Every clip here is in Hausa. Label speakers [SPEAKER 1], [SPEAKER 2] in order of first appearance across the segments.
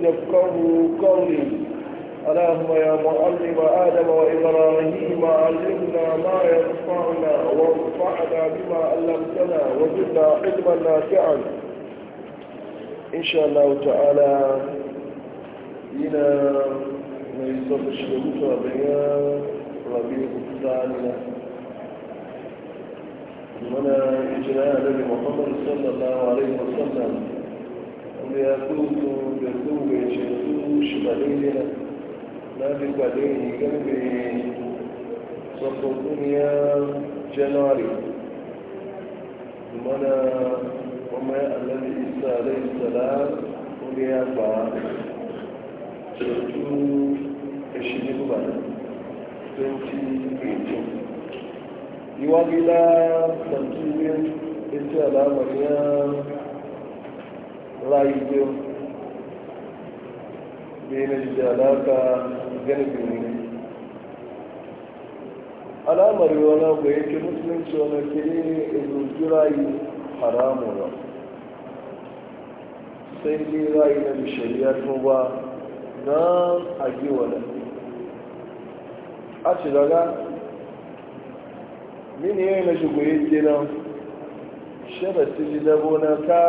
[SPEAKER 1] يفقه قولي اللهم يا معلم آدم وإبراهيم علمنا ما ينفعنا وانفعنا بما علمتنا وزدنا علما نافعا إن شاء الله تعالى إلى ما يصف الشروط ربيع ربيع الثاني من إجراء محمد صلى الله عليه وسلم da ya tsoto da tsoga ya ce su shi na bi fi kwade ne garbe tsofaffin ya mana kuma ya annabi isa alaihi salam kuma ya ba ceto
[SPEAKER 2] ya shi ba
[SPEAKER 1] 2018 yi wa gida ita rayu biyu bai na jiji alaka gani biyu alamar wani ku yake musulunci wani ke zuci rayu haramu ba sai ne rayu na bishariya tun ba na agi wani a ci daga mini yana shigo yake nan sharafi dabona ka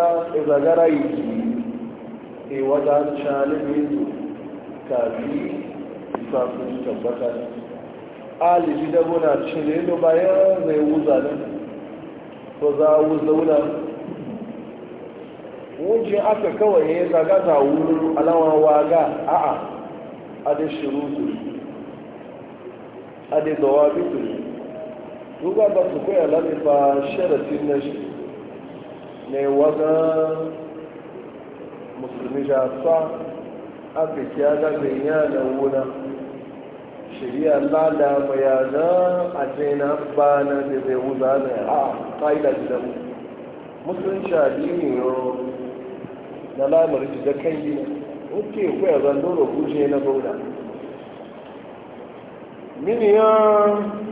[SPEAKER 1] zagara yi e wata shalibin kafi isa sun tabbata alibi da muna cire da bayan zai wuza ne ko za a wuza wuna wujin aka kawai ya zaga za wuru alawar waga a a da shiru a da zawa bitu duk ba su koya ba sharafin na shi ne wajen musulmi ja sa aka kiya da bayan na wuna shirya lada bayana a jina ba na da zai wuza na a ƙa'ida da mu musulunci addini yau na lamarin da kan yi oke kwaya zan dole kuje na bauda miniyan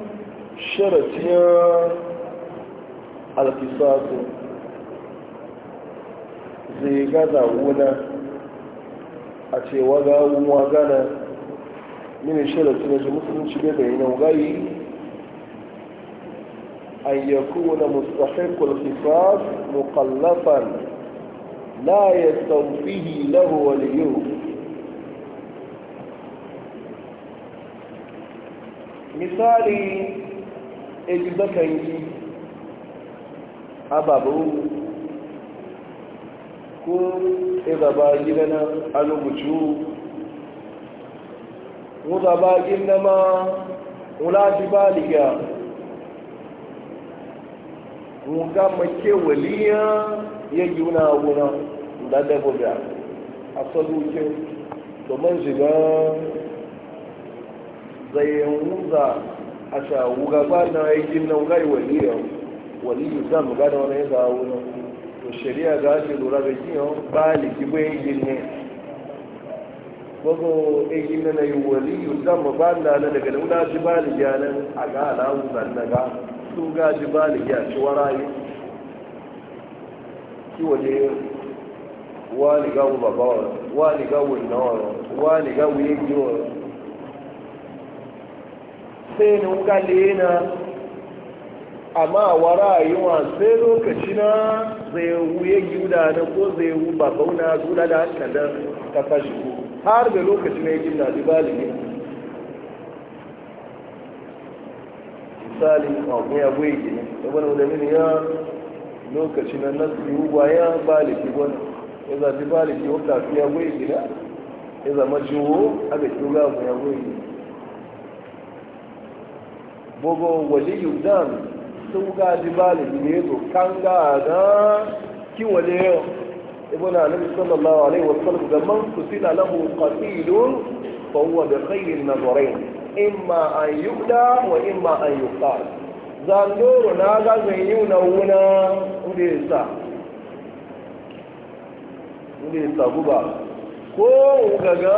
[SPEAKER 1] sharatiyar alfisatu zai gaza wuna a ce waga wunwa gana mini shirin suna ji musulunci bai da yana gayi an yaku na mustahil kulkifas mukallafan la ya tsamfihi lahu waliyu misali ejibakan yi ababu ko iza ba gida na alubucu muza ba gida ma wulaji ba liga muga make waliya ya gina wuna da daga ga a sadukin domin shiga zayen muza a sha wuga ba na ya gina wuga waliya waliyu zan muga da wani ya zawo na òṣèré àga ṣe lòrà bẹ kí hàn báàlì kí bó gbogbo ẹyẹ nana ìwọlí ìdámọ na nà daga dẹgẹdẹ wọn láti báàlì yà ní àga àláwù nà nàga ga ti báàlì yà ṣe wárá yìí kí wọ́n yẹ wá nìga wo bàbá ọ̀rọ̀ wá nìga wo ìná amma wara yiwa sai lokaci na zai wuye gida na ko zai wu ba na zuwa da haka da ta fashi har da lokaci na yakin na ne misali abu ya goyi gini da wani wadamini ya lokaci na nasu wuwa ya ki wani ya bali ki wata fi ya goyi gina ya zama jiwo a da kyau gabu ya goyi gini bogo waliyu dami sun gaji baligi ne zo kan gaga kiwale yau ibn alim sallallahu alaihi wasallam ga man kusila lahu qatilun fa huwa bi khairin nazarain imma an yubda wa imma an yuqal zandoro na ga zai yi na wuna inda ya inda ya guba ko gaga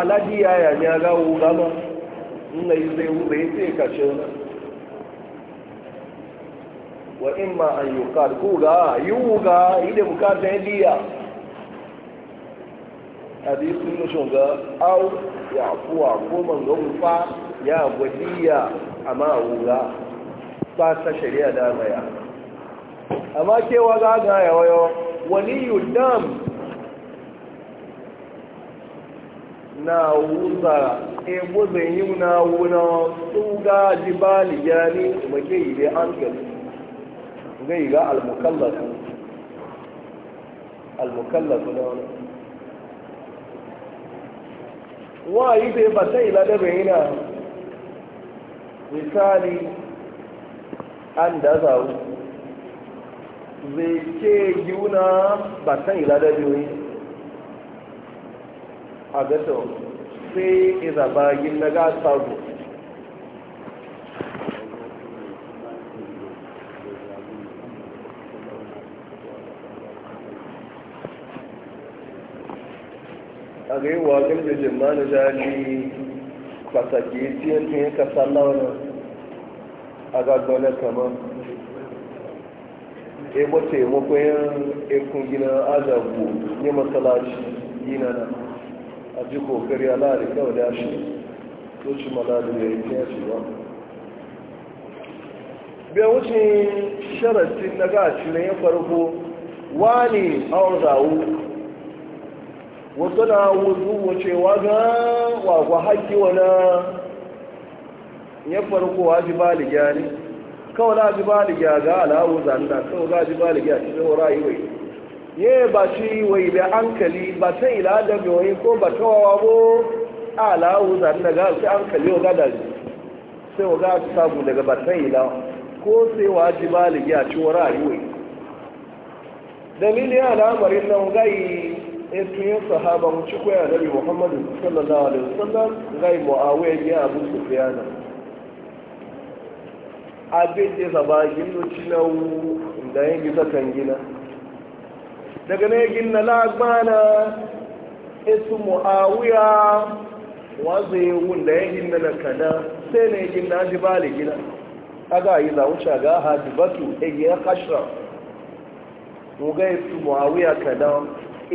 [SPEAKER 1] aladi yaya ne ga wuga ba in yi zai wuga ya ce wa imma an yuqal kula yuga ile mkate ndia hadisi ni shonga au ya kuwa ko mango fa ya wadia amma uga ba sheria shari'a da maya amma kewa ga ga ya wayo waliyu dam na uza ebo zai yi na wuna tuga jibali yani make da hankali gai ga al-mukallafu da wani wa yi zai ba sai ila da bai yana misali an da zawo zai ke yuna ba sai ila da biyu a gasa sai izabagin na gasa gudu a ga yi wa da jimani jali pataki tiyan tiyan kasa sallawa a ga gona kamar ebo taimakon yan ekun gina ajabu ne matsalaci gina na a ji kokari a lari kawai da shi to ci malari ya yi tiyan shi ba biya wucin sharatin na gashi na yin farko wani a zawo wasu na wuzu wace ga wakwa haƙƙi wana ya farko haji baligya ne kawai na haji baligya ga alawu zanda kawai ga haji baligya iwai ya yi ba shi wai da hankali ba ta ila da biyoyi ko ba kawawa ko alawu zanda ga shi hankali wa gada sai wa ga sabu daga ba ta ila ko sai wa haji baligya cikin rayuwai dalilin al'amarin nan gai etuyin sahaba mu wuce koya nabi muhammadu sallallahu alaihi wasallam gai mu'awiyar ya abu sufiyana abin da zaba gino cinawu da ya gisa kan gina daga na yagin na lagbana isu mu'awiya wanzu yi wun da yagin na kada sai na yagin na ji bali gina aga yi za wuce ga hajjibatu egiyar kashra mu ga isu mu'awiya kada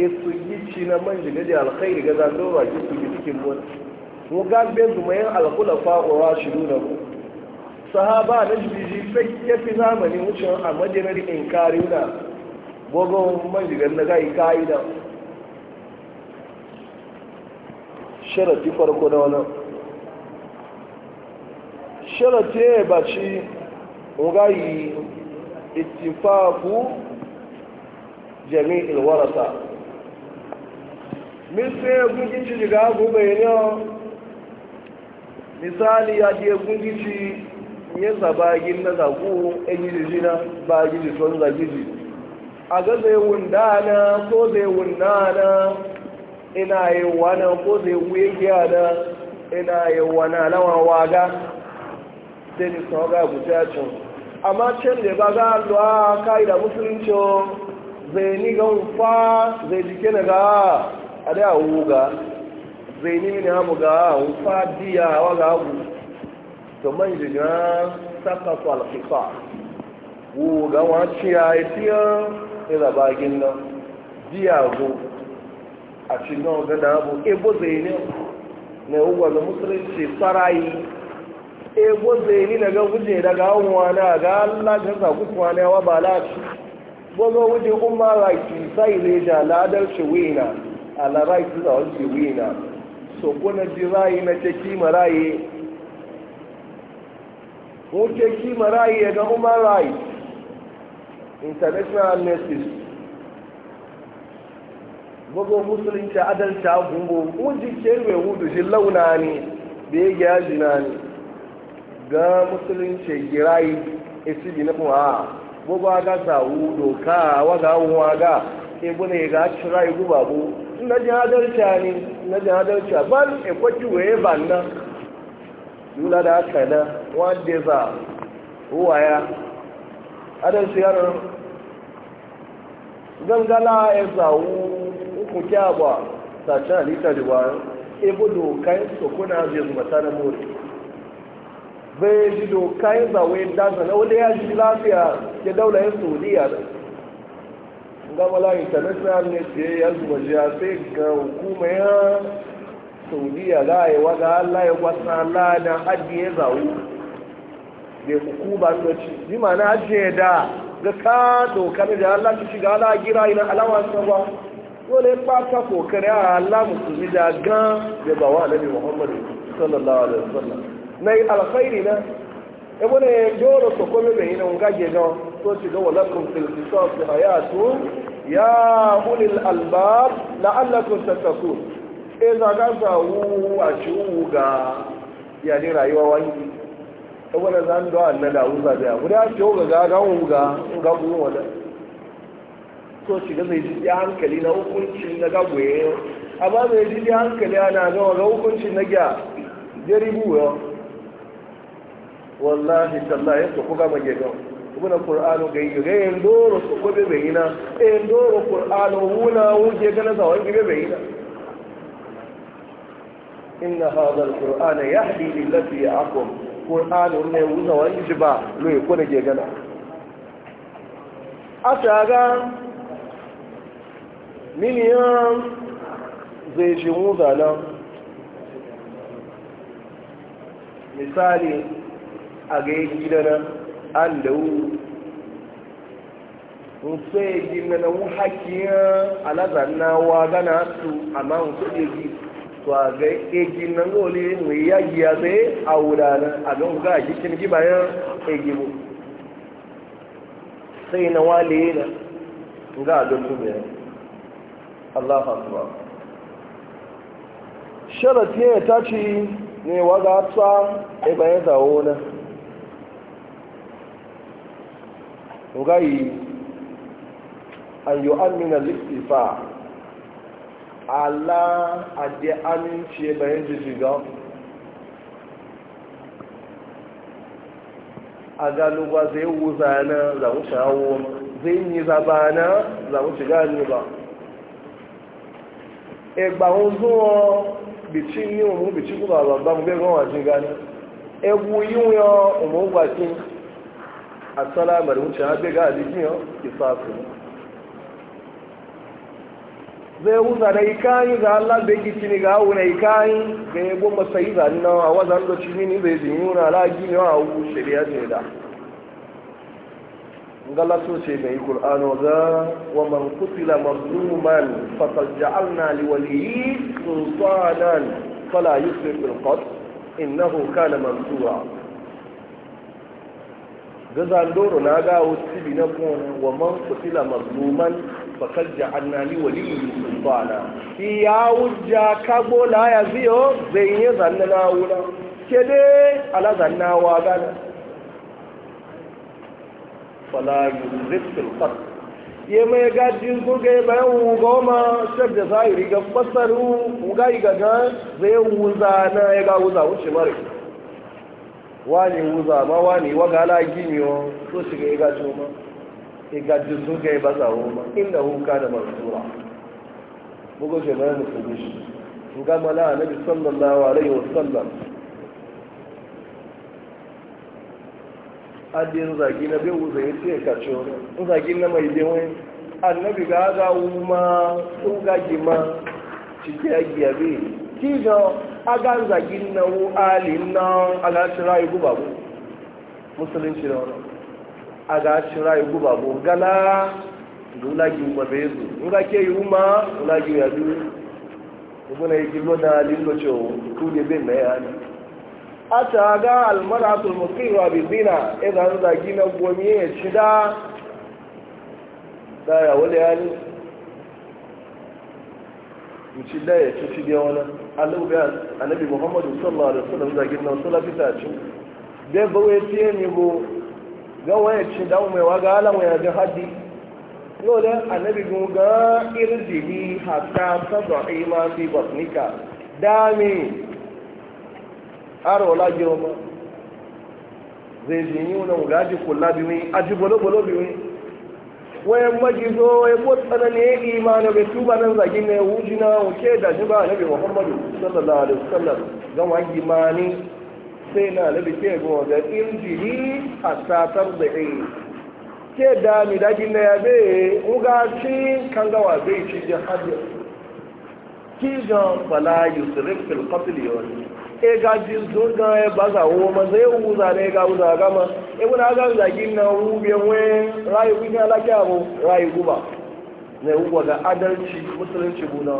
[SPEAKER 1] e su yi ci na manji jiga da alkhairi ga zan dora ki su yi cikin mun mu ga be zuma yan alkula fa wa shiruna ku sahaba na sai ya fi zamani wucin a madinar inkari na gogon man jiga na ga kaida sharafi farko da wannan sharati ba shi mu ga yi ittifaku jami'il warasa mista ya gungici shiga gube ne misali ya je gungici ya sabagin na zagu ɗan yi na ba gidi son ji a ga zai wunda na ko zai wunda na ina yi wana ko zai wuyigiya ada ina yi wani lawan waga Deni ni sau ga guji a can amma can da ba ga a kai da musulunci zai ni ga fa zai jike na ga ada awuga zaini mini hamu ga awu fadiya hawa ga awu to man jiga saka fal qifa wu ga wa ciya itiya ila bagin nan diya go a cikin ga na abu ebo zaini na uwa ga musulunci farayi ebo zaini na ga guje daga awuwa na ga Allah ga zaku kwana wa balaci gogo wuje umma ra ki sai leja ladar shi wina ala rai su za wanke wina so kuna ji rai na ce kima rai wuce kima rai ya ga human rai international amnesty gbogbo musulunci adalci agungo ke rube hudu shi launa ne da ya gya jina ne ga musulunci girai esi bi na kuma a ah, gbogbo aga sa wudo ka waga wuwa ga ebe ne ga cira igu babu na jin adalci ne na jin adalci ban ekwaki waye ban nan yula da aka na wanda za waya adalci yanar gangala ya zawo uku kyawa sace halitta da bayan ebo dokain sokuna zai zuba ta da mori bai ji dokain zawo ya dazana wanda ya ji lafiya ya daula ya saudiya da gamala international ne ce ya zuba jiya sai ga hukuma ya saudiya za a yi waga allah ya wasa allah da ya zawo da hukuma ta ci bi mana ajiye da ga ka dokar da allah ci shiga ala gira ina alawa sabuwa dole ba ta kokari a allah musulmi da gan da ba wa muhammadu sallallahu alaihi wasallam na yi alkhairi na ebe ne joro sokomi mai yi na ngaje gawa so ci ga walakum fil qisas hayatun ya ulil albab la'allakum sassaku. e za ga za wu a ci wu ga yani rayuwa wani saboda zan da Allah da wuza da guda ce ga ga ga wu ga ga wu wala so ci ga zai ji hankali na hukuncin na gagwe ba zai ji hankali ana ga ga hukuncin na gya jaribu yo wallahi tallahi to kuga mage gawo muna ƙur'anu ga yi ga yin doro su ko bebe yi na yin doro ƙur'anu wuna wuce gana za wani bebe yi na inna hadha alqur'ana yahdi lillati yaqum qur'anu ne wuna wani shi ba lo ko da ke gana A ga miliyan zai shi mu zanen misali a ga yi allahu nso egi na wu hakiya alazanna wa gana su amma nso egi to a ga egi na ngoli mu ya giya be a wuraren a don ga jikin gibayen egi mu sai na wale na ga don su ne Allah akbar sharati ya tace ne wa ga tsa e bayan zawo na ngai an yi amina listifa ala adi aminci bayan jijigan a galuba zai wuza na zaun shawo zai yi zaba na zaun shiga ne ba ẹgbàun zuwa bici ni umu bici kuma babban gbẹ̀gbọ́n wajen gani egwu yiwuyan umu gbakin a salamar wuce haɓe ga jikin yau sa su zai wuza na ikayi ga Allah da yake cini ga awu na ikayi ga ya goma sai zani na a wazan da ci ne zai jin yuna lagi ne a wu shari'a ne da ngala so ce mai kur'ano ga wa man qutila mazluman faqad ja'alna li waliyyi sultanan fala yusrif bil qatl innahu kana mansura da zandoro na ga wasu na kuma wa man kutila mazluman fakar ja'anna annani wali sultana shi ya wujja kago la ya ziyo zai yi zanna na wuna ke dai ala zanna wa gana fala yuzifil qat ye mai gajin zuga mai goma shar da zahiri ga basaru ga ga zai wuza na ya ga wuza wuce mare wani wuza ma wani waga ala gini o so shiga iga juma iga jisu ga iba zawo ma inda huka da mansura bugu shi mai musulmi shi ga mala annabi sallallahu alaihi wasallam adin zagi na bai wuza ya ce ka ce wani zagi na mai dewe annabi ga ga wuma sun gagi ma cike ya giyabe ki ga aga zagin na wu alin aga shira guba bu musulunci da aga shira yi guba bu gala da ulagi nga ke yi ma ulagi ya na lillo ce kuje bin na ya a ta ga almaratul musiwa bi zina na ya ci da ya wuce da ya ci fi wani annabi muhammadu sallallahu alaihi wasallam da gina su lafi ta ci bai ba wai ce ne bo ga waya ci da mai wa ga ala waya ga haddi yau annabi gun ga irjihi hatta sabra ima fi basnika dami aro la girma zai jini wani gaji kula bi mai aji bolo bolo bi wayan majizo ya na tsanani ya imanin bai tuba nan wujina wuce da shi ba nabi muhammadu sallallahu alaihi wasallam don wagi mani sai na nabi ke goma ga injili a satar da yi ke mi na ya bai ugaci kangawa gawa bai ji jihar ki jan fala yusrif fil qatl e ga ji zurga ya ba za wo ma zai e wuza ne ga wuza gama e wuna ga zagi na wube we rayu ku ne alaki abu rayu guba ne uwa ga adalci musulunci buna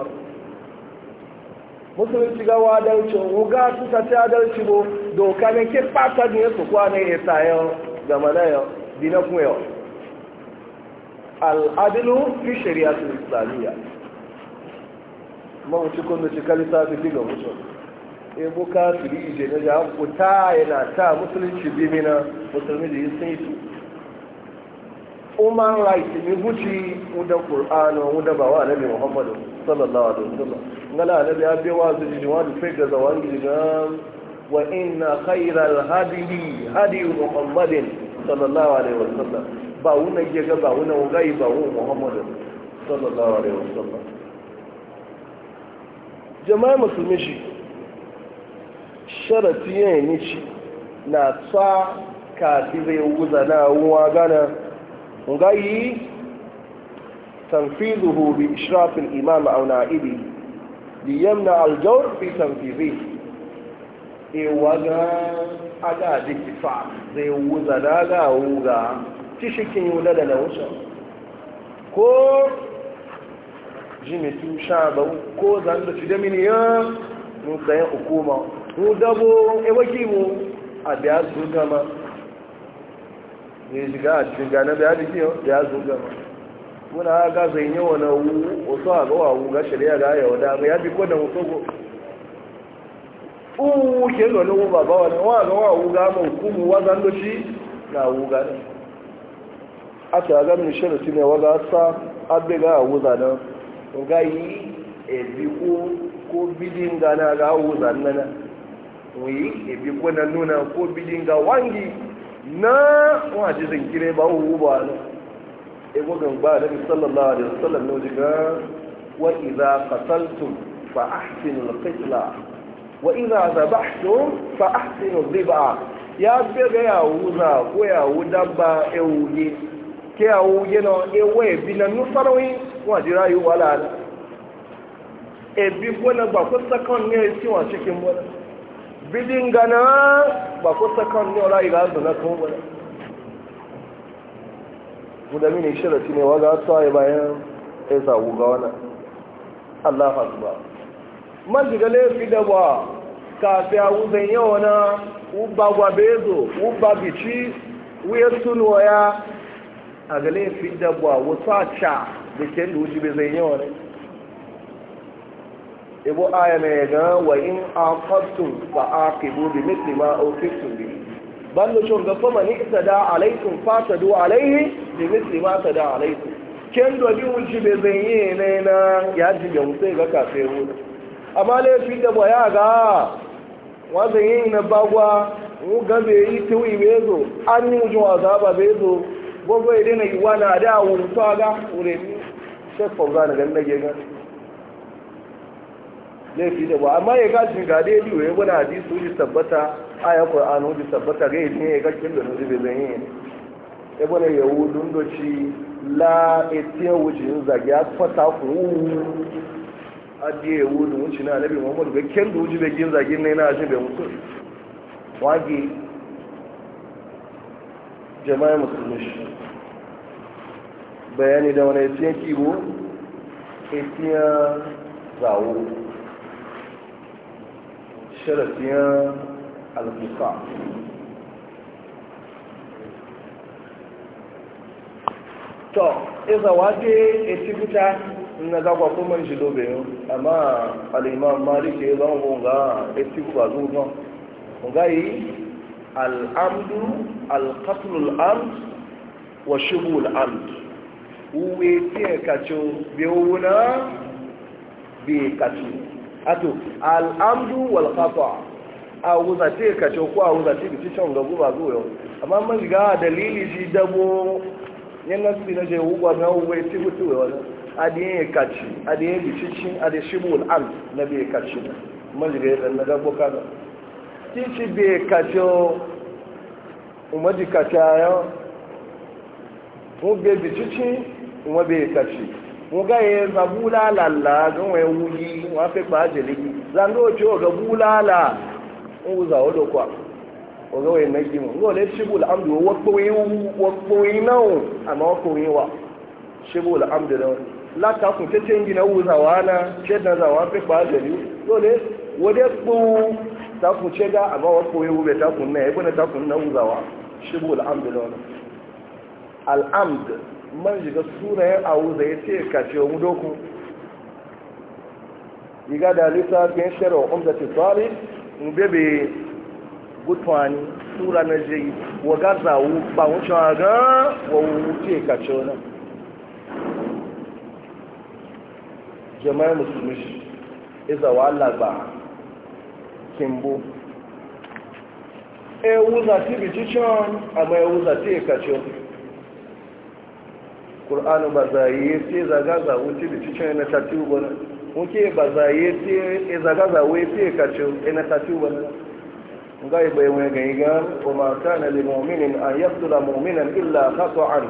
[SPEAKER 1] musulunci ga wa adalci wo ga su ta ta adalci bo doka ne ke pata ne su kwa ne e ta yo e gama na yo e dina ku yo al adlu fi shari'atul islamiyya mawuci kun da shi kalisa fi ga musulunci ebo ka su bi ije na ja kuta yana ta musulunci bi mina musulmi da yi sun yi su human rights mi buci wuda qur'ano wuda ba wa annabi muhammadu sallallahu alaihi wasallam ngala annabi ya bi wa su ji wa du fega da wa ji wa inna khayral hadi hadi muhammadin sallallahu alaihi wasallam ba wuna gega ba wuna wugayi ba wu muhammadu sallallahu alaihi wasallam jama'a musulmi shi sharati ya yi ci na tsa kafi zai wuza na uwa gana ngayi tanfizuhu bi ishrafin imam a na'ibi liyamna aljawar fi tanfizi ewa ga aga da kifa zai wuza na ga wuga ci shikin yi wula da na wuce ko jimitu sha ko zan da ci da ya nusayen hukuma ngabo ewaki mu a biya su gama ne shiga a cikin gane biya da kiyo biya su gama muna ga zai yi wani wu wasu a gawa wu ga shirya ga yawa ya bi ko da wasu go uwu ke gano baba ba ba wani wa ga wa wu ga ma hukumu wa zan na wu ga ne a ta ga min shirci ne wa ga sa abbe ga wu zanen yi ebi ko ko bidin gana ga wu zanen oyi ebi kwana nuna ko bidin ga wangi na wace zinkire ba hu ba na ego gan ba nabi sallallahu da wasallam no diga wa idza qataltum fa ahsinu al-qitla wa idza zabahtum fa ahsinu al-dhib'a ya be ga yawu wuza ko yawu dabba, e wuge ke yawu wuge no e we bi na nu farawi wa jira yu wala ebi kwana ba ko sakon ne ti wa cikin wala bidin gana ba ko sakan ne wala iga azu na kawo bane na mini shirati ne waga su ayi bayan ya sa ga wana Allah hasba man shiga laifi da ba kafi a wuzan yawa na ubba gwabezo ubba bici wuyar tunuwa ya a ga fi da ba wasu a da ke lujibe zai ne ibu aya mai ga wa in ba a aqibu bi mithli ma uqibtum bi da shon ga fama ni da alaikun fata tadu alaihi bi mithli ma da alaikun ken do wuce wuji zai yi ne na ya ji ga wuce ga kafe wuce amma le fi da ya ga wazan yi na bagwa mu ga be yi tuwi bezo an yi wujo azaba bezo gogo idina na da wunta ga ure ni sai fauzana ga nage ga laifi da ba amma ya gashin ga dai biyu ya gwada hadisi wuce tabbata aya qur'an wuce tabbata ga yi ya gashin da nuzi bai zanyi ne ya gwada ya wudun doci la etiyan wuce yin zage ya fata ku adiye ya wudun wuce na alabi muhammadu ga kyan da wuce bai gin ne na ashe bai mutu wage jama'a musulmi shi bayani da wani etiyan kibo etiyan zawo sharafiyar alfisa to iza waje etifita na gagwa kuma ji lobe yau amma al'imam malik ya zama gunga etifu a zuwa gunga yi al'amdu al'katul al'amd wa shubu al'amd uwe tiye kacho bewuna bi kacho ato al'amdu wal khata a wuza ce ka ce ko a wuza ce ki can ga guba zo yau amma man ga dalili ji dabo yan nasu na je wuwa na wuwa ti mutu wa adiye kaci adiye bicicin adiye shibul an na be kaci man ga dan na dabo kana ti ci be kaci umadi kaci ayo ko be bicicin umma be kaci wọ́n gáyé za búláàlà gánwẹ̀ wúyí wọ́n fẹ́ pàá jẹ̀lẹ̀ yìí la tí ó ga búláàlà ń wúza ó lọ kwa ọ̀gá wẹ̀ náà yìí wọ́n lè ṣíbù l'amdu wọ́pọ̀wé náà àmọ́ ọkùnrin wa ṣíbù l'amdu náà látàkùn tẹ́tẹ́ ń gina wúza wà á náà ṣé danza wọ́n fẹ́ pàá jẹ̀lẹ̀ lóde wọ́n dẹ́ kpọ́n takùn ṣẹ́ gá àmọ́ ọkùnrin wọ́n bẹ̀ takùn náà ta náà na náà wa wà ṣíbù l'amdu náà al'amdu man shiga sunayen awuza ya ce ka ce mu doku iga da lissafin shirin umda tisari in bebe gutwani sura na je wa gaza wu ba wuce wa ga wa wuce ka ce wani jama'a musulmi iza wa Allah ba kimbo e wuza ti bi ci can amma e wuza ti ka ce ƙur'anu ba zaye sai zagaza za wuce da cikin na tatu ba na muke ba zaye sai e zaga za wuce sai e kace na tatu ba ga e yi bai wani gani ga kuma kana li mu'minin an yaqtula mu'minan illa khata'an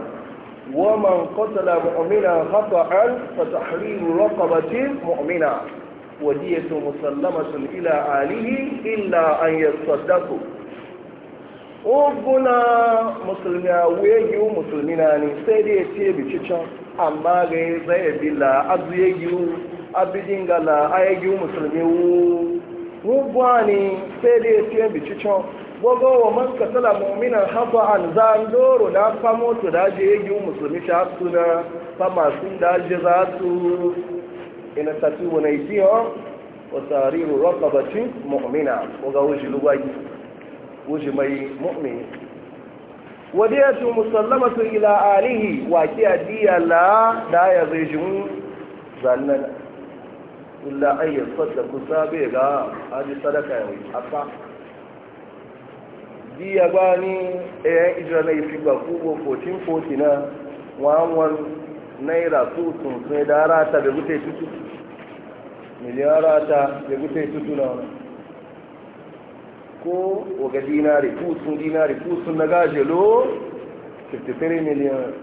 [SPEAKER 1] wa man qatala mu'minan khata'an fa tahriru raqabatin mu'mina ودية مسلمة ila آله illa أن يصدقوا oguna musulmi a wuye yiwu musulmi na ne sai dai ce bicicin amma ga ya zai la azu ya yiwu abidin ga la a ya yiwu musulmi wu wugwa ne sai eti ce bicicin gbogbo wa man katala mu'minan hafa an zan doro na famo su da je egi yiwu musulmi ta su na fama sun da je za su ina tatu wani jiyon wasu hariru rakabacin mu'mina ko ga wuce lugwagi wuce mai mu'mini wadiyatu musallamatu ila alihi wa kiya diya la da ya zai mu zannan illa an yasaddaku sabe ga aji sadaka ya yi afa diya ba ni ɗayan eh, ijira na ifi ba kubo 1440 na wawan naira su tun sai da rata da gute tutu miliyan rata da gute tutu na wani ko waga dinari kusun dinari kusun na lo 53 miliyan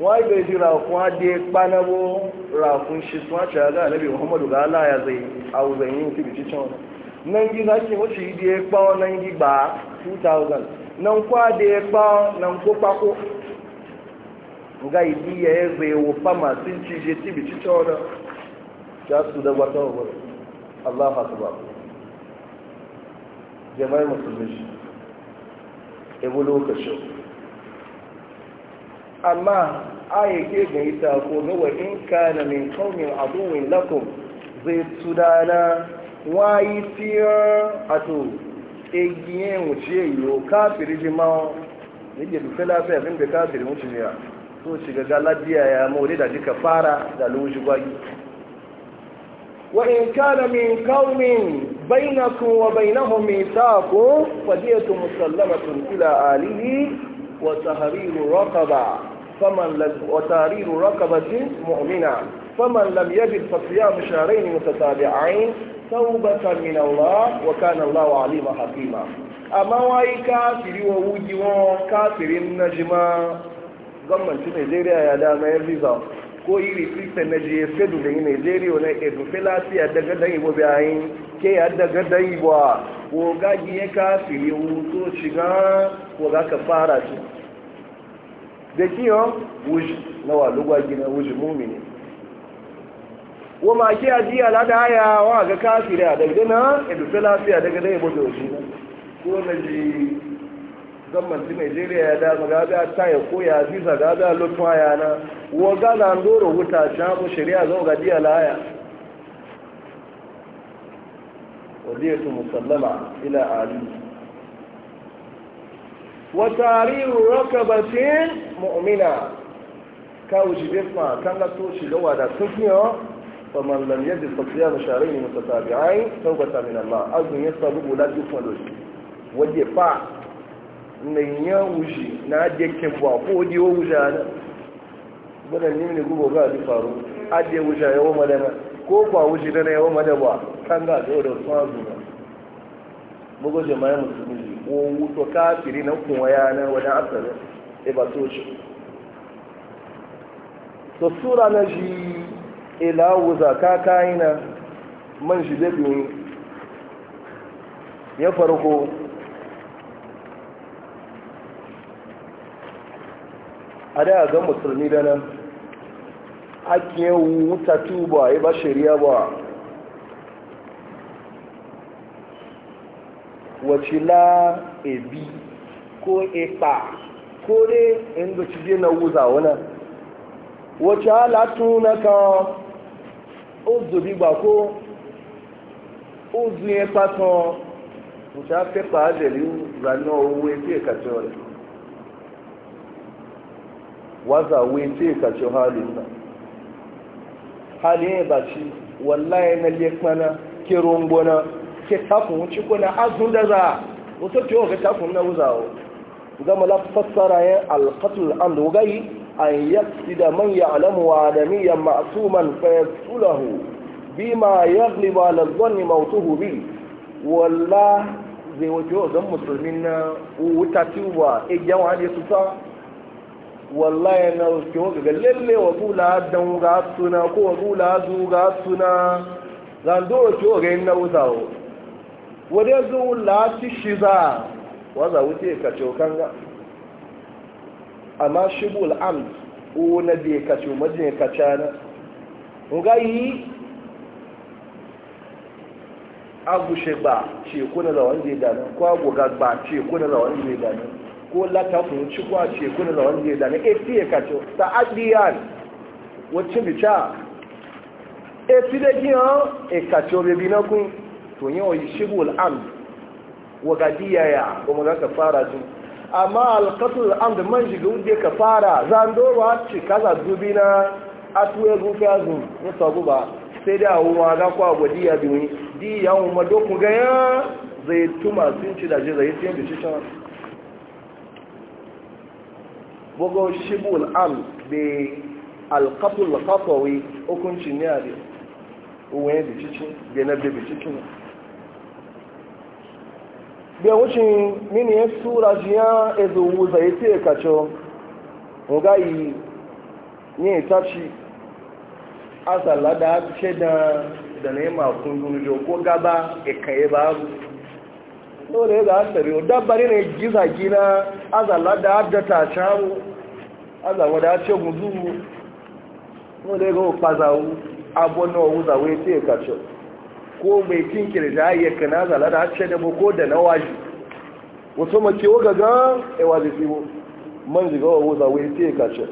[SPEAKER 1] wai bai ji rakun haɗe kpanabo rakun shi sun hace ga alabi muhammadu ga ala ya zai a wuzanyin su bici can wani nan gi za ki wuce idi ya kpawo nan gi ba 2000 nan kwa da ya kpawo nan ko kpako ga idi ya zai fama sun cije ci bici can wani ya su da wata wani allah haka ba jama'ai musulmi ebe lokacin amma yi ke gani tako ko gawa in kana min kaunin aduwin lakon zai tudana wayi tiyar ato egiye wuce yiwu kafiri jima'o ke fi lafiya fin da kafiri wuce ya so shiga galabiya ya maure da duka fara da lojigwagi وإن كان من قوم بينكم وبينهم ميثاق فدية مسلمة إلى آله وتهرير رقبة فمن لم وتهرير رقبة مؤمنة فمن لم يجد فصيام شهرين متتابعين توبة من الله وكان الله عليما حكيما أما واي كافر ووجي كافر النجمة gwamnatin nigeria ya dama ya visa ko iri krista na jiye fedu da yi nigeria na edu filasi a daga dan ibo bayan ke ya daga dan ibo a ko gagi ya kafi ya wuto shiga ko za ka fara su da kiyo wuji na walugwa gina wuji mumini wa ma ke a jiya lada da haya wa ga kafi da daga na edu felasi a daga dan ibo da wuji ko na ji musamman ti nigeria ya da ga ta ya koya visa ga lotwa ya na wa an ndoro wuta ta mu shari'a zo ga diya laya wadiyatu musallama ila ali wa tariru rakabatin mu'mina kawo shi bisma kan ga to shi gawa da sufiyo faman lam yadda safiya da shari'a mutatabi'ai taubata min Allah azun bugu waje fa mai ya wuce na adekin ba ko di wuce na bunan nimi gugu ga di faru ade wuce yawo madana ko kwa wuce dana yawo madaba kan ga zo da tsazu na bugo jama'a musulmi ko wuto kafiri na kuma yana wani asali e ba so shi so sura na ila wuza man shi ya farko ada ga musulmi da nan ake wuta tuba ya ba shari'a ba wace la ebi ko epa ko ne inda ci je na wuza wuna wace halatu na ka ozu ba ko ozu epa kan wace afepa ajali ranar owó ẹgbẹ́ ìkàtọ̀ rẹ̀ waza wete ka ci halin nan Hali e ba ci wallaye na lekmana ke rombona ke ci ko na azun da za wato ce wa ke tafin na wuzawo gama la fassara al qatl an dogayi an yaksida da man ya alamu wa adamiyan ma'suman fa yasulahu bima yaghlibu ba dhanni mawtuhu bi wallahi zai wajo zan musulmin na wuta tiwa igiyan e wa ne su wallahi na ke waka ga lalle wa gula dan ga suna ko wa gula zu ga suna zan do ke ga na uzawo wadai zu la ti shiza waza wuce ka cokan ga amma shibul amd o na de ka ci majin ka cana ngai agushe ba ce kuna da wanda ya dana ko ba ce kuna da wanda ya dana ko lata ku ci kwa ce kuna na wani ya na eti ya kacho ta adiyan wacce bica eti da giya e kacho be bi na kun to yi wani shigo al'am wa gadiya ya kuma za ka fara jin? amma alƙatul al'am da man shiga wuce ka fara zandorwa ce kaza dubi na atuwe rufe azu musa guba sai da awu ma ga kwa gwadiya biyu diyan ma dokun gaya zai tuma sun ci da je zai tiyan da shi shan bugo shibul am be alkaful kafawi hukuncin ya ne uwe da cikin da na bebe cikin da wucin mini ya tura jiya ezo wuza ya ce kacho nga yi ni ta ci asala da da da na yi makon duniya ko gaba ikaye e ba. dole ga o dabbari ne giza gina azala da abdata chamu azawa da ce guzu dole ga pazawu abono wuza we te kacho ko mai kinkir da ya kana azalla da ce da ko da nawaji wato mace waga ga e wazi sibo man ziga wuza we te kacho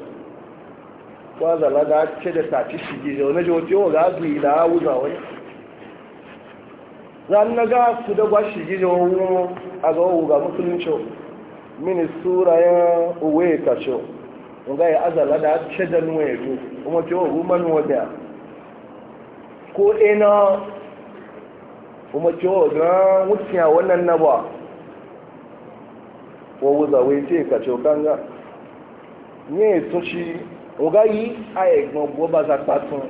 [SPEAKER 1] ko azalla da ce da tafi ci shige ne ga azu ila wuza wani zan na ga su da gwashi gije wani a ga wawu ga musulunci mini sura ya uwe ka ce ga ya azala da ce da nuwa ya to kuma ce wa ruman wadda ko ina kuma ce wa ga mutiya wannan naba ba wawu za wai ce ka ce kan ga ne to shi ga yi a egbon goba za patun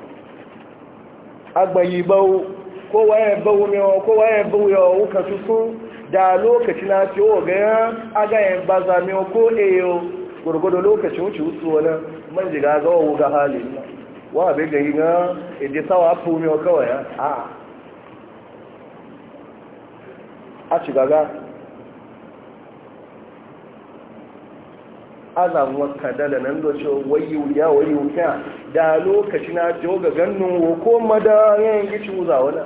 [SPEAKER 1] agbayi bawo kowa ya baumewa kowa ya bauyawa wuka tutu da lokaci na ce oh, o ga yan agayen ba zamewa ko eyo gurgudu lokaci wuce wutu wani man jiga zawa wuga hali wa abin gari na ije e sawa fumewa kawai a a shiga ga azamwa kadala nan da ce wayi wuya wayi wuya da lokaci na ce o oh, ga gannin wo ko madayan gici wuza wani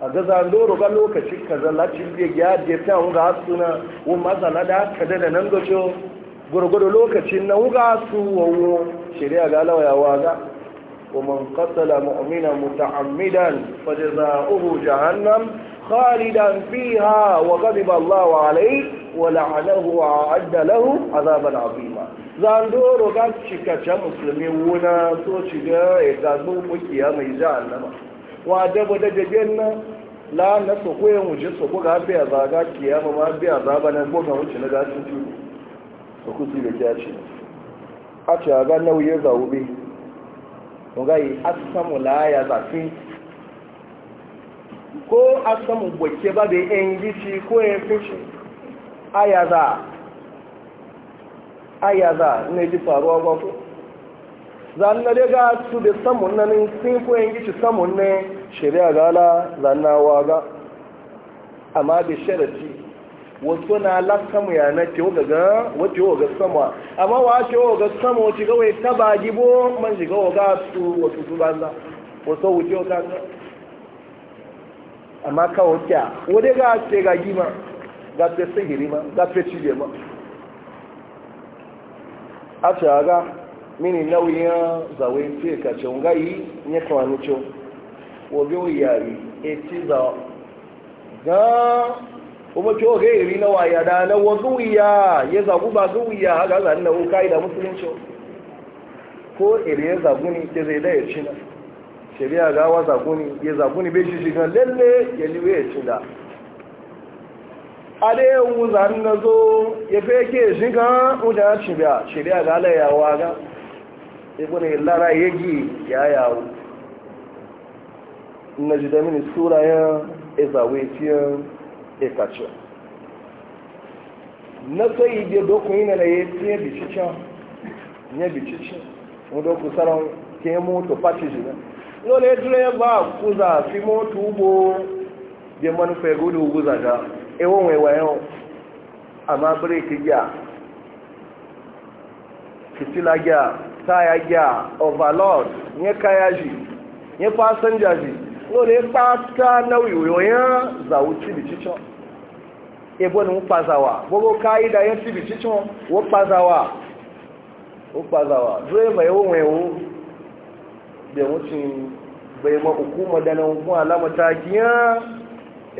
[SPEAKER 1] a gaza loro ba lokaci ka zalla cin da ya je ta wuga su na wo masala da ka da nan gojo gurgudu lokacin na wuga su wo shari'a ga lawaya wa ga wa man qatala mu'mina muta'ammidan fa jazaohu jahannam khalidan fiha wa ghadiba Allahu alayhi wa la'anahu wa a'adda lahu azaban azima zandoro ga cika cha wuna so ci ga ga mu mai izan nama wa dabo da dagen nan la na so ko yan wuce so ko ga biya zaga kiyama ma biya zaba nan ko ga wuce na gasin ci so ku ci da kiyaci a ce ga nauye za ube to ga yi asamu la ya zafi ko asamu gwakke ba da yan gici ko yan fishi aya za aya za ne ji faruwa ba ko zanna daga su da samun nan sun koyan gici samun ne shari'a gala zanna waga amma da sharaci wasu na lakamu ya na ke waga ga wace waga sama amma ce waga sama wace ga wai taba gibo man shiga waga su wasu su banza wasu wuce waga amma ka kya wadai ga ce ga gima ga fe sihiri ma ga fe cibe ma a shaga mini nauyin zawe fiye ka ce nga yi nye kawo ni wobe e o eti za ga kuma ce oge iri na waya da na wa zuwiya ya zagu ba zuwiya haka zani na wuka da musulunci ko iri e ya zagu ni ke zai da ya ci na shari'a ga wa zagu ni ya zagu ni bai shi shi kan lalle ya liwe ya ci da adewu zani na zo ya feke shi ga wuce ya ci biya shari'a ga alayawa ga ibn lara yagi ya yawo na ji da mini sura ya ezawetiyan ekacho na sai ide doku ina na ya tiye bicica ya bicica wadda ku saran ke moto pati jina lola ba kuza fi moto ugbo da manufa gudu guza ga ewon waiwayon amma bireki gya fitila gya taya gya overload nye kaya ji nye passenger ji lórí pátá náà ìròyìn zàwú tìbì títọ́ ebo ni wọ́n pàzàwà gbogbo káyídá yẹn tìbì títọ́ wọ́n pàzàwà wọ́n pàzàwà dírẹ́fà yẹn wọ́n ẹ̀wọ́ bẹ̀rún ti bẹ̀rẹ̀ mọ́ òkú mọ̀dáná fún alámọ̀tá gíyàn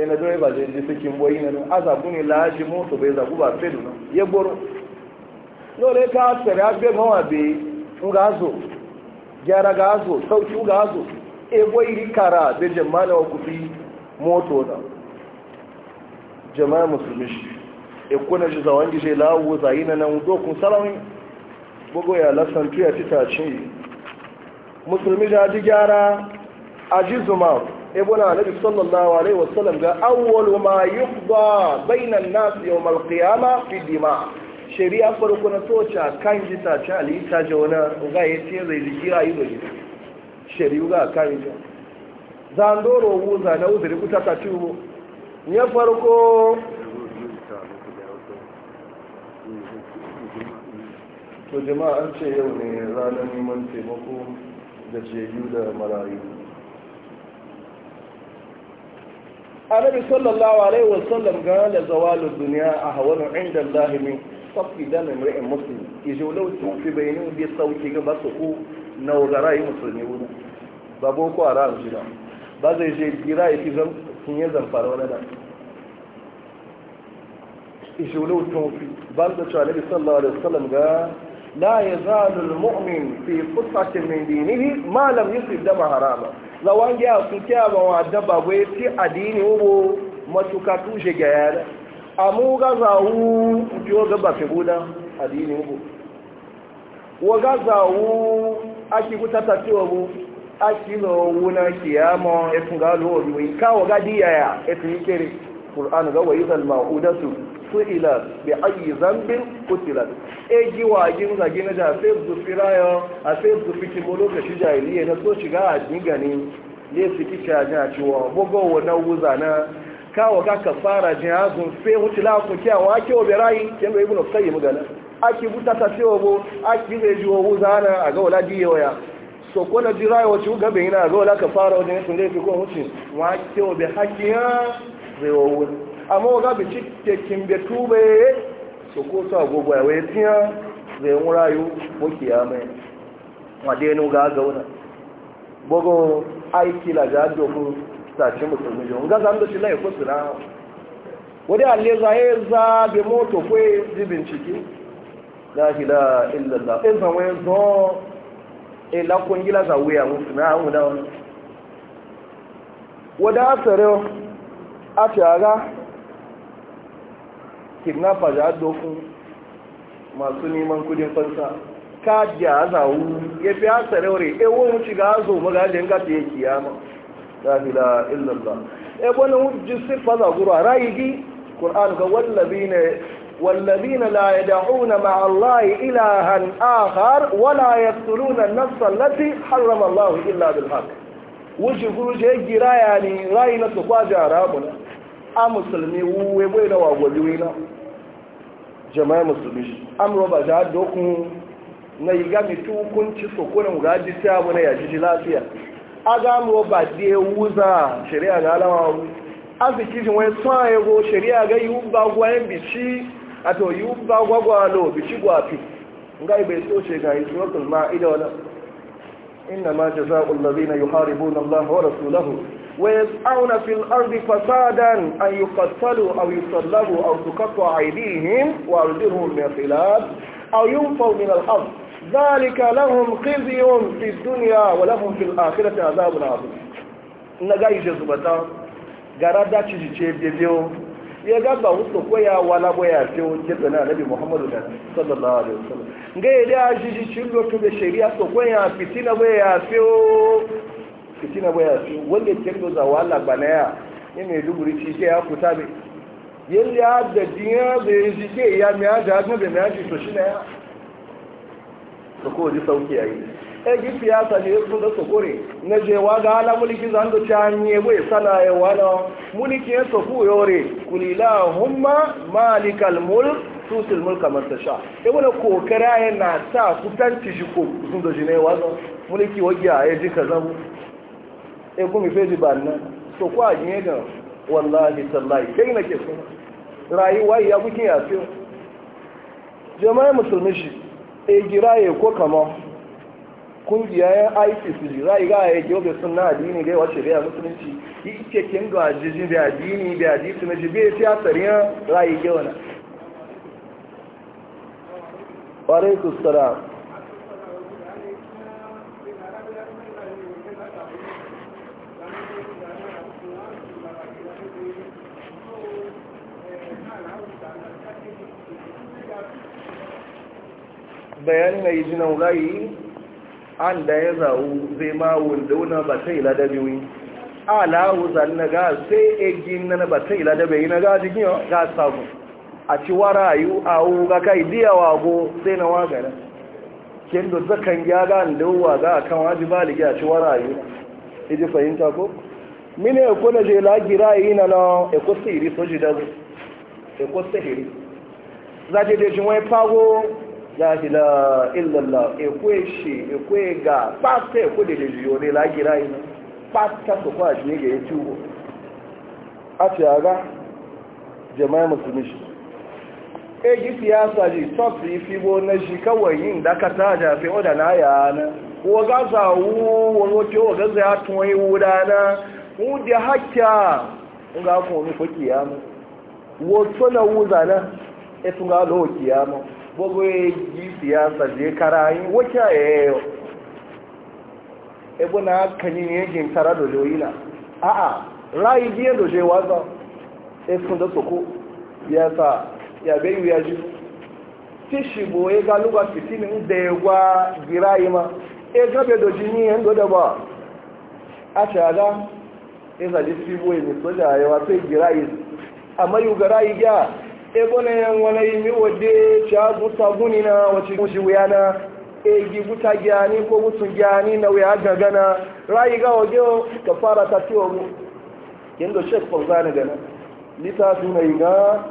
[SPEAKER 1] ẹni dírẹ́fà jẹ́ jẹ́ sẹ́kì ń bọ́ yìí nínú azàgún ni láàájì mọ́tò bẹ̀rẹ̀ zàgúbà fẹ́lú náà yẹ gbọ́rọ̀ lórí ká tẹ̀rẹ̀ agbẹ́gbọ́n àbẹ̀ ngazo gyara gazo sauki gazo ebo iri kara da jama'a wa kufi moto na jama'a musulmi shi ikuna e shi zawon gishe lawo zai na nan dokun salamin bugu ya lasan tuya tita ce musulmi da ji gyara a ji zuma e na annabi sallallahu alaihi wasallam ga awwal ma yuqda bainan nas yawm al fi dima' shari'a farko na tocha kan jita ce alita ji wani ga ya ce zai ji kira yi zai shari'u ga kan Za gita zandoro wuza na uzuri kuta ta ci ubo ya
[SPEAKER 2] farko
[SPEAKER 1] to jama'a an ce yau ne ranar neman taimako da jeju da marayu annabi sallallahu alaihi wasallam gane da zawalin duniya a hawan inda lahimin safi dam imri'in muslim ijo law tufi bainu bi sauki ga basu ku na wazara yi musulmi wuri ba boko haram shi da ba zai je gira ya fi zan sun yi zamfara wani nan ijo law tufi ban da cewa nabi sallallahu alaihi wasallam ga la yazalu almu'min fi qutatin min dinihi ma lam da dama harama zawangiya su ba wa dabba bai fi adini wubo matuka tushe ga yana amuga zawu yo gaba fi guda adini ubu waga zawu aki kutata tiwa bu aki lo wuna kiyama efun ga lo obi ka waga diya ya efun ikere qur'an ga wa yidal ma'udatu su'ila bi ayi zambin kutilat e giwa ga gina da sai zufira yo a sai zufiti mo lokaci jahiliya na so shiga a gani ne su kici a jina ciwo bugowa na wuza na kawo ga kafara jihazun fe wuce lafin kyawa ake obi rayi kyan da ibn qayyim gana ake buta ta ce obo ake zai ji obo zana a ga wala diyo ya so ko na jira ya wuce gabe ina ga wala kafara wajen sun zai fi ko wuce wa ake obi hakiya zai obo amma ga bi cike kin be tube so ko sa gogo ya wai tiya zai mu rayu muke ya mai wa denu ga ga wannan bogo aiki la ga doku sace musulmi jo ga zan da shi lai ko sura wani alle za ya za moto ko ji bincike na ilaha na in fa wai zo ya la za wuya na mu da wani wada asare a tara kidnapper da dokun masu neman kudin fansa ka ya wu ya fi asare wuri ewu mu shiga magajin ya kiyama la illallah e eh, bona wujji sifa za gura rayigi qur'an ga wallazina والذين لا يدعون مع الله إلها آخر ولا يقتلون النفس التي Allahu illa إلا بالحق wuce guruje giraya ne rayu na su kwaji a ramuna a musulmi wuwe bai na wagwali wina jama'a musulmi shi ba da dokun na yi gami tukunci sokunan gaji ta abu na yaji lafiya aga mu ba die wuza shari'a ga alawa aziki jin wai sa ego shari'a ga yu ba gwa en bici ato yu ba gwa gwa lo bici gwa fi ngai bai so ce ga suratul ma'ida ma jazaa'u alladhina yuharibuna allaha wa rasulahu wa yas'auna ذلك لهم خزي a الدنيا ولهم في الآخرة عذاب ije نجاي garada غرادا تشي تشي ya gaba wasu ya wala boya ce wajen da na nabi muhammadu da sallallahu alaihi wasallam ga yi da jiji cillo da shari'a so ya fitina boya fitina za wala banaya duburi ya kuta be yalla dinya jike ya mi da ga mi to ya su ko ji sauki a yi egi siyasa ne ya da su kure na jewa ga ala mulki zan da ta hanye bai sana ya wana mulki ya su yore kulila humma malikal mulk tutul kamar ta sha. e wala kokara yana ta kutanci shi ko sun da jine wano mulki wajiya ya ji kaza mu e gumi feji banna so ko a jine ga wallahi tallahi kai nake so rayuwa ya kuke yafi jama'a musulmi shi e jiraye ko kama kungiyayen isis jiraye ga ya yi oge suna adini da yawa shari'a musulunci yi ike kin ga jijin da adini da adisi na jibe ya fiya tsariya rayu na ƙwarai kusura bayani na yi jinan rayi an da ya zawo zai ma wanda wuna ba ta ila da biyu ala wuzan na ga sai egin na ba ta ila da biyu na ga jikin ga samu a ci wara ayu a wuga kai diya go sai na wa wagana kin da zakan ya ga an dawowa ga kan wajiba ligi a ci wara ayu iji fahimta ko mini eko na je lagi rayi na na eko sihiri soji da eko sihiri za je je jinwai pago láàrínlá ìlàlá èkó èṣe èkó èga pàtẹ́ èkó lè lè ní lágírá iná pàtẹ́ sọ̀kọ́ àti ẹgẹ̀ ètí àti àrá jẹmáà musulmi egi siyasa ji tọ́sí fíbó na shi kawai yin dakata na yana wọ́gá sàwọ́ wọ́gá wọ́gá ẹ̀tún ga lọ́wọ́ kìyàmù gbogbo yi siyasa je karayi wace a eyo. ebe na aka yi yajin tara da joyina a a rayu biyan ya je waza efun da soko siyasa ya iwu ya ji Tishi bụ ya ga lugba fitinin da ya gwa girayi ma e gabe da jini yan da ba a shaga ya zaji shigo ya misoja ya wato girayi amma anyị gị a. ebone wala yimi wode cha guta gunina wati kushi wuyana egi guta gyani ko gutun gyani na aga gana rai ga waje ka fara ta tiwo mu yanda shek fauzan gana lita tuna yiga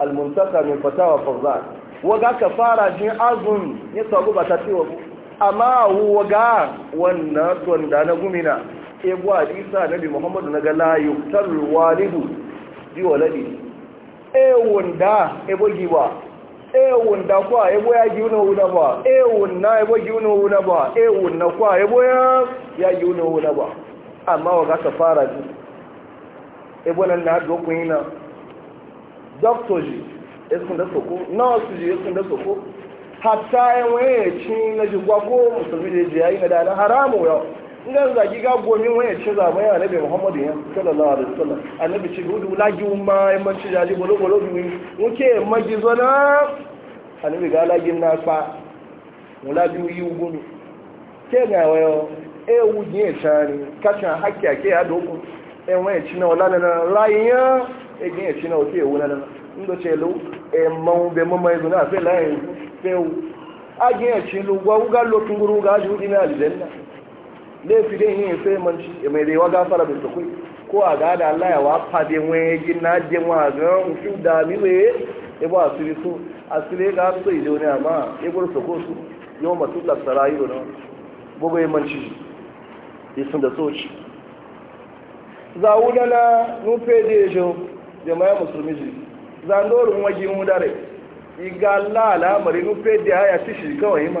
[SPEAKER 1] almuntaka min fatawa fozan waga ka fara jin azun ne sabu ba ta tiwo mu amma waga wannan da na gumina ebu hadisa nabi muhammadu na ga la yuktal walidu bi waladi ewun da ebo giwa ewun da kwa ebo ya giuna una ba ewun na ebo giuna una ba ewun na kwa ebo ya ya giuna una ba amma wa ga safara ji ebo nan na do kuina doctor ji esun da soko nurse ji esun da soko hatta yawe cin na jigwa ko musulmi ji yayi na da haramu yau nga zagi ga gomi waya ci ya nabi muhammadu ya sallallahu alaihi wasallam annabi ci gudu lagi umma ya manci jaji bolo bolo bi na annabi ga lagi na fa mulabi yi gudu ke ga wayo e wuji ya tani kashin hakki ake ya doku e waya ci na wala na e gin ci na oke wuna na ndo ce lu e mawu be mama yanzu na fe fe a gin ya ci lu gwa uga lo tunguru ga laifi dai yin sai manci mai rewa gafara bai sakwai ko a ga da Allah ya wafa dai wani gina je wa ga shi da mi ne e ba asiri so asiri ga so ido ne amma e gur so ko su yau matu da sarayi don bo bai manci isun da soci zawuda na nufe je jo jama'a musulmi ji zandorun wajin mudare igalla al'amari nufe da ya ci shi kawai ma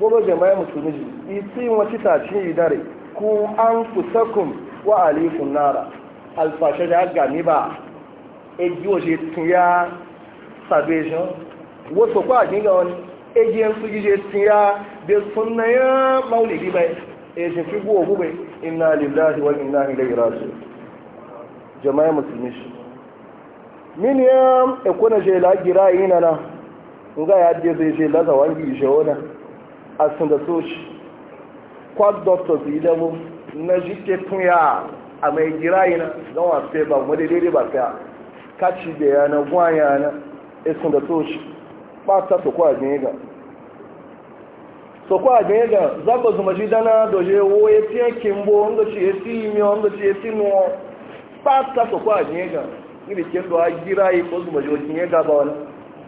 [SPEAKER 1] bolo jama'a musulmi isi wacce ta ci idare ku an fusakun wa alifun nara alfashe da ni ba eji oje tun ya salvation so kwa ginga wani eji yan sugije tun ya da sunna ya maulidi bai ejin fi guwa gube inna lillahi wa inna ilaihi rasu jama'a musulmi shi min ya ekwana jela gira yi na na nga ya je zai je laza wangi ishe wani a sanda soci kwad doctors na jike a mai girayi na don wasu ba wadda daidai ba fiya kaci de yana gwanya na a sanda soci ba ta su kwa ga so kwa ga za ka zuma ji dana doje wo ya kimbo wanda ce ya fi imi wanda ce ya fi nuwa ba ta su kwa ga ni da ko zuma ji wajen ya gaba wani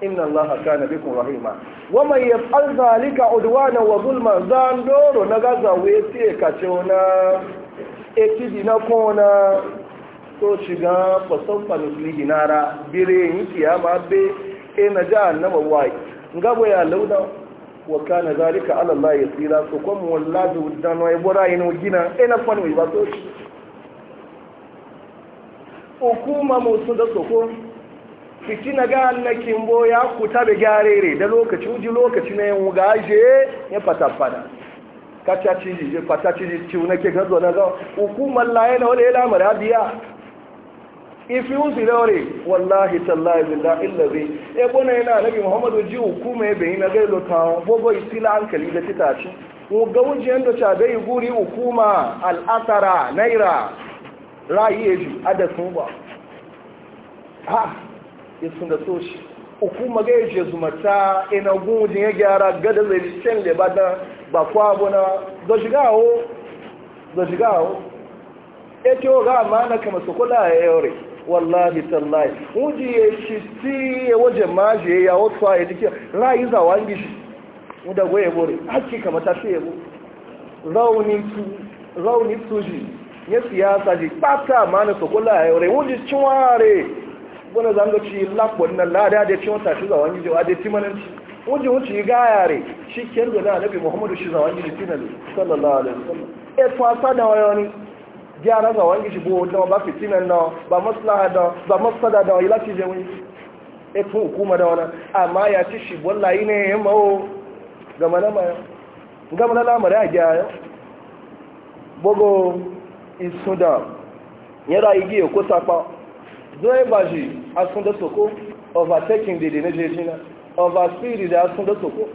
[SPEAKER 1] inna allaha kana bikum rahima wa man yaf'al zalika udwana wa zulma zan doro na gaza we tie E tidi na kona to shiga fasawfa nuslihi nara bire yin kiyama be e na jahannama wai ngabo ya lauda wa kana zalika ala allah yasira so ko mu wallahi uddan wa ibora e yin gina e na fani ba to hukuma mu da soko fitina ga annakin bo ya kuta be gyarere da lokaci uji lokaci na yin gaje ya fata fada kacha ciji je fata ciji ci na ke gazo na ga hukumar laye na wani ila maradiya ifi uzi lore wallahi tallahi billah illa zai e bona yana nabi muhammadu ji hukuma ya bayi na lokacin ta bogo isila hankali da titaci ga wujen da cabe guri hukuma al'asara naira rayi eju adasun ba ha yasun da so shi uku maga ya je zumata ina gudun ya gyara gada zai can da ba na ba kwa abu na zajigawo zajigawo e ya ce ga amana kama su kula ya yore wallahi tallahi wuji ya shi ti ya waje maje ya wasu a yadda ke rayu za wangi shi wadda goye bore haki kama ta fiye bu raunin tuji ya siyasa ji ɓata amana su kula ya yore wuji cinware wani zanga ci lakon nan lada da cewa wata shi zawon gijo a jeti mananci wajen wuce ga yare shi kyan da na alabi muhammadu shi zawon gijo tina ne sallallahu alaihi wasallam e fasa da wani gyara zawon gijo bo da ba fitinan na ba maslaha da ba masada da ila ci jewi e tun hukuma da wani amma ya ci shi wallahi ne ya mawo gama na maya gama na lamari a gyara bogo isu da yara igi ya kusa fa zoye ba shi a sun da soko overtaking the na jeji na overspeed da sun da soko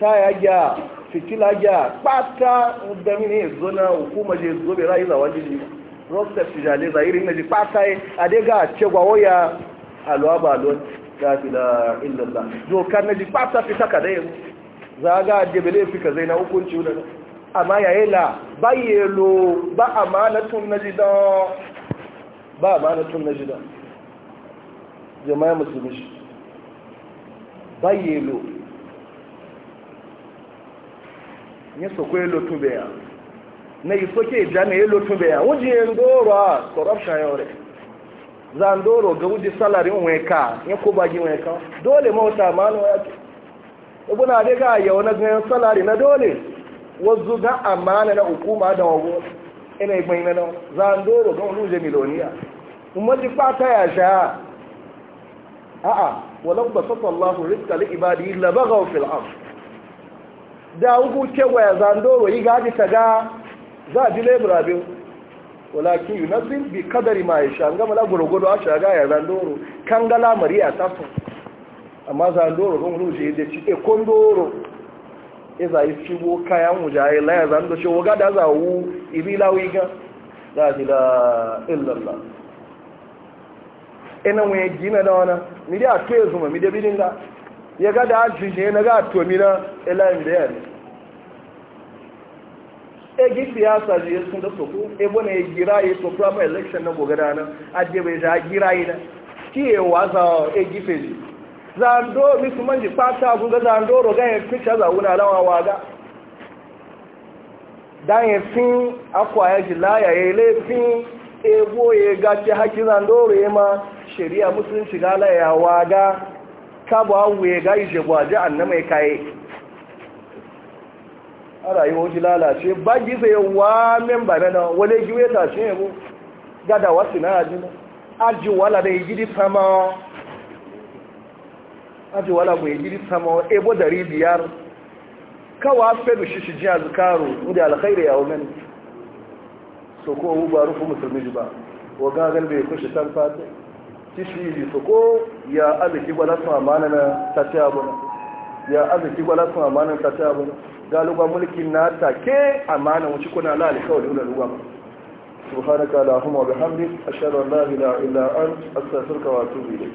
[SPEAKER 1] ta ya gya fitila gya pata da mini zona hukuma je zobe rayu za wani ji rostef shi jale za irin na pata yi e. a dai ga cewa waya alwa ba lo ta fi da illallah dokar na ji pata fi saka da e. yau za ga jebele fi ka zai na hukunci wadanda amma yayela bayelo ba amana na ji don ba na jida jama'a musulmi shi ba yelo ya sokwe yelo tube ya na yi soke jami'a yelo tube ya doro ndoro a corruption re za ndoro ga wuji salari nweka ya kubagi nweka dole mawuta amanu ya ce ibuna dika yau na ganyen salari na dole wazu ga amana na hukuma da wago ina igba ime nan za a doro ga wani uje miloniya kuma ji kwata ya sha a'a walau ba sata Allah rizka li ibadi la baghaw fil ard da uku cewa ya za doro yi gadi ta ga za a ji lebura biyu walakin yunazil bi kadari ma ya sha ngama la gurgudu a shaga ya za doro kan gala mariya tafu amma za doro ga wani uje da ci e kondoro iza yi fibo kayan mujaye laya zan da shi waga da zawu ibi lawi ga la ila illallah ina mu gina da wana mi da to yanzu mi bidin da ya ga da jije na ga to mi na ila mi da yani e gi siyasa ji sun da soko e bona ya gira yi to primary election na goga da na adje bai ja gira yi na ki e waza e zando misu manji fata gunga zando roga ya fice na wuna lawa waga dan ya fin akwa ya ya ile laifin ebo ya gace haki zando ya ma shari'a musulun shiga la ya waga kabo awu ya ga ije gwaje annama ya kaye a rayuwar ji lalace ba gizo ya wa memba na wale giwe ta shi yabo gada wasu na ajina ajiwala da ya gidi sama aji wala mai gidi sama ebo dari biyar kawa fedu shi shi jiya zukaru inda alkhairu ya omen so ko hu ba rufu musulmi ba wa gagan bai kushe san fata kishi yi so ko ya arziki gwala sun amana na tafi abuna ya arziki gwala sun amana na tafi abuna galuba mulki na take amana wuce kuna la alkawari da ruwa سبحانك bihamdi وبحمدك أشهد أن لا إله إلا أنت أستغفرك وأتوب إليك